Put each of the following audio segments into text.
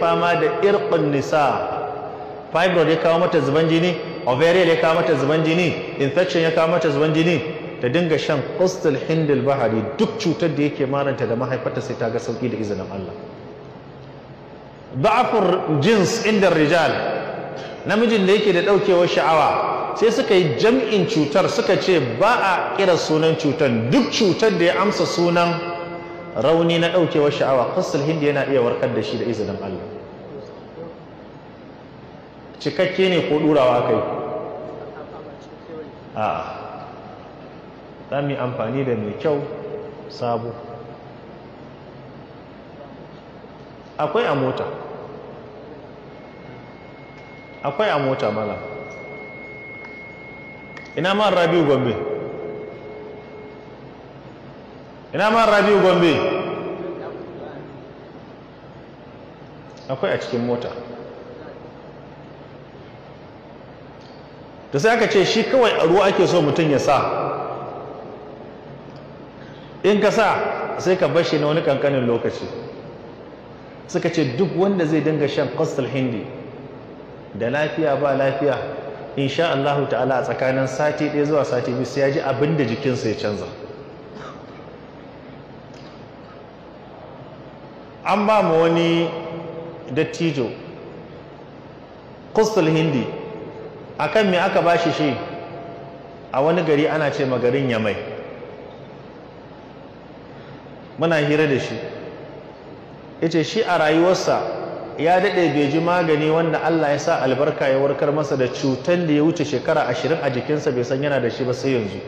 fama da irqun nisa fibroid ya kawo mata zuban jini ovarian ya kawo mata zuban jini infection ya kawo mata zuban jini da dinga shan qustul hindul bahari duk cutar da yake maranta da mahaifarta sai ta ga sauki da izinin Allah ba'afur jins inda rijal namijin da yake da daukewar sha'awa sai suka yi jam'in cutar suka ce ba a kira sunan cutar duk cutar da ya amsa sunan rauni na ɗaukewar sha'awa ƙasar hindi yana iya warkar da shi da izinin Allah cikakke ne ko ɗurawa kai a za mu yi amfani da mai kyau sabo akwai a mota akwai a mota mala ina ma rabiu gombe ina ma rabiu gombe akwai a cikin mota da sai aka ce shi kawai a ruwa ake so mutum ya sa in ka sa sai ka bashi na wani kankanin lokaci suka ce duk wanda zai dinga shan kostal hindi da lafiya ba lafiya insha Allah ta'ala a tsakanin sati ɗaya zuwa sati biyu sai ya ji abin da jikinsa ya canza an ba mu wani dattijo kustul hindi akan me aka bashi shi a wani gari ana ce garin yamai muna hira da shi yace shi a rayuwarsa ya daɗe bai ji magani wanda Allah ya sa albarka ya warkar masa da cutan da ya wuce shekara ashirin a jikinsa bai san yana da shi ba sai yanzu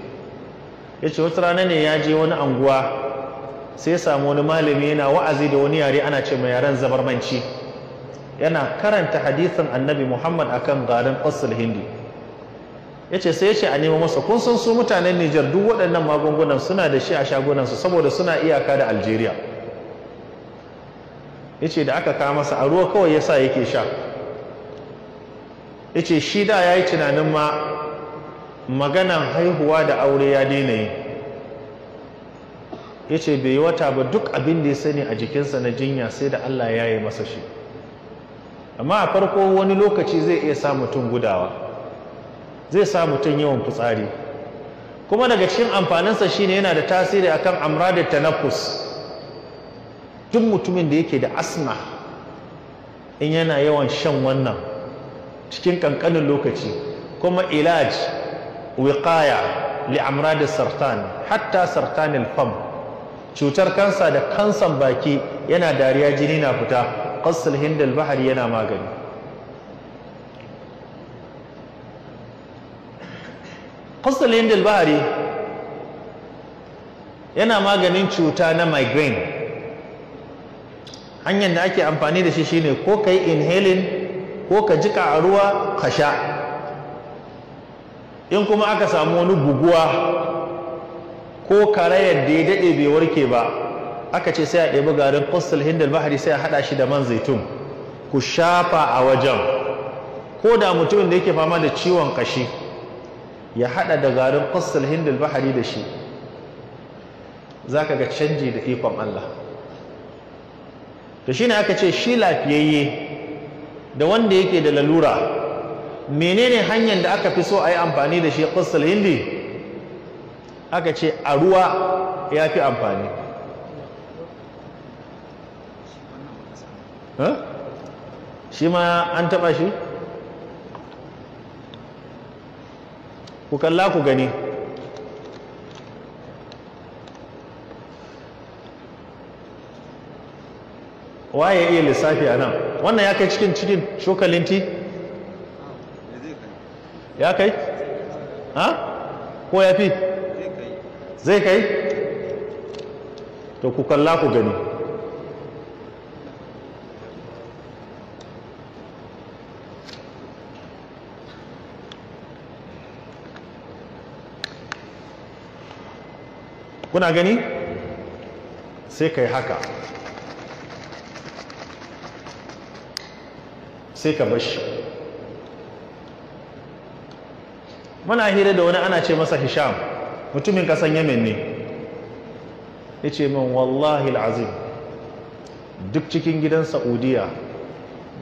yace wata rana ne ya je wani anguwa sai ya samu wani malami yana wa'azi da wani yare ana ce mai yaren zabarmanci yana karanta hadisin annabi muhammad akan garin ƙasar hindu ya ce sai ya ce a nemo masa kun san su mutanen nijar duk waɗannan magungunan suna da shi a shagunansu saboda suna iyaka da algeria ya ce da aka kawo masa a ruwa kawai ya sa yake sha ya ce shi da ya yi tunanin ma maganan haihuwa da aure ya daina yi ya ce bai yi wata ba duk abin da ya sani a jikinsa na jinya sai da allah ya yi masa shi amma a farko wani lokaci zai iya sa mutum gudawa zai sa mutum yawan fitsari kuma daga cikin amfaninsa shine yana da tasiri akan amradar tanafus tun mutumin da yake da asma in yana yawan shan wannan cikin kankanin lokaci kuma ilaj wiqaya li da sartan hatta sartanil fam cutar kansa da kansan baki yana dariya jini na fita ƙasar hindal bahari yana magani ƙasar hindal bahari yana maganin cuta na migraine hanyar da ake amfani da shi shine ko ka yi inhaling ko ka jika a ruwa ka sha in kuma aka samu wani buguwa ko karayar da ya daɗe bai warke ba aka ce sai a ɗebi garin ƙustul hindal bahari sai a haɗa shi da man zaitun ku shafa a wajen ko da mutumin da yake fama da ciwon ƙashi ya haɗa da garin ƙustul hindal bahari da shi za ka ga canji da ikon Allah to shine aka ce shi lafiyayye da wanda yake da lalura menene hanyar da aka fi so a yi amfani da shi ƙustul hindi aka ce a ruwa ya fi amfani shi ma an taɓa shi ku kalla ku gani waye iya lissafi a nan wannan ya kai cikin cikin shokalinti ya kai ha ko ya fi zai kai to ku kalla ku gani kuna gani sai ka haka sai ka bashi muna hira da wani ana ce masa hisham mutumin kasan yamen ne ya ce min wallahi azim duk cikin gidan saudiya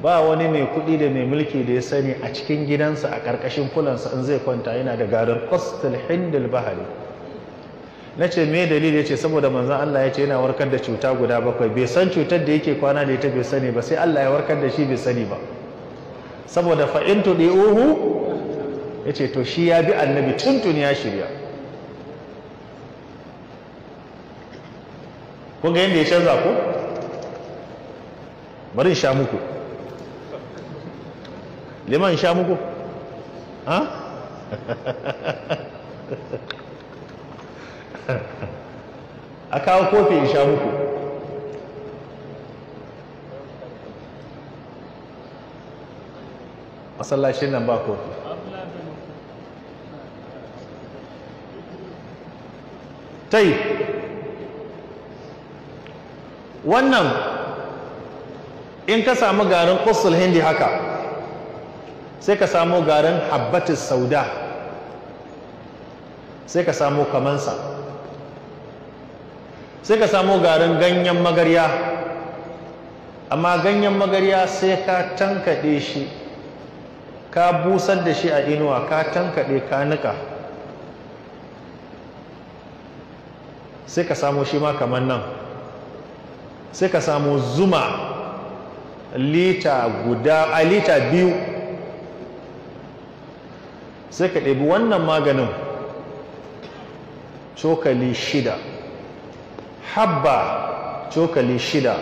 ba wani mai kudi da mai mulki da ya sani a cikin gidansa a ƙarƙashin kulansa in zai kwanta yana da garin kwastal hindul bahari na ce me dalili ya ce saboda manzan Allah ya ce yana warkar da cuta guda bakwai bai san cutar da yake kwana da ita bai sani ba sai Allah ya warkar da shi bai sani ba saboda fa'in tuɗe uhu ya ce to shi ya bi annabi tuntun ya shirya kun ga yadda ya canza ku bari in sha muku liman sha muku ha a kawo kofi in sha muku masallacin nan ba kofi tai wannan in ka samu garin kusur hindi haka sai ka samu garin habbatis sauda sai ka samu kamansa sai ka samo garin ganyen magarya amma ganyen magarya sai ka tankaɗe shi ka busar da shi a inuwa ka tankaɗe ka nika sai ka samo shi ma kamar nan sai ka samo zuma lita guda a lita biyu sai ka ɗabi wannan maganin cokali shida habba cokali shida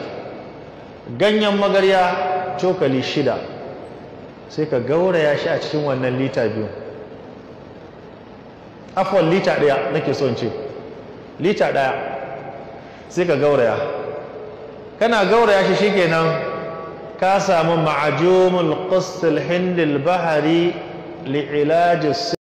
ganyen magarya cokali shida sai ka gauraya shi a cikin wannan lita biyu afon lita ɗaya nake son ce lita ɗaya sai ka gauraya kana gauraya shi shikenan ka samu ma'ajumul qasl hindil bahari li'ilajis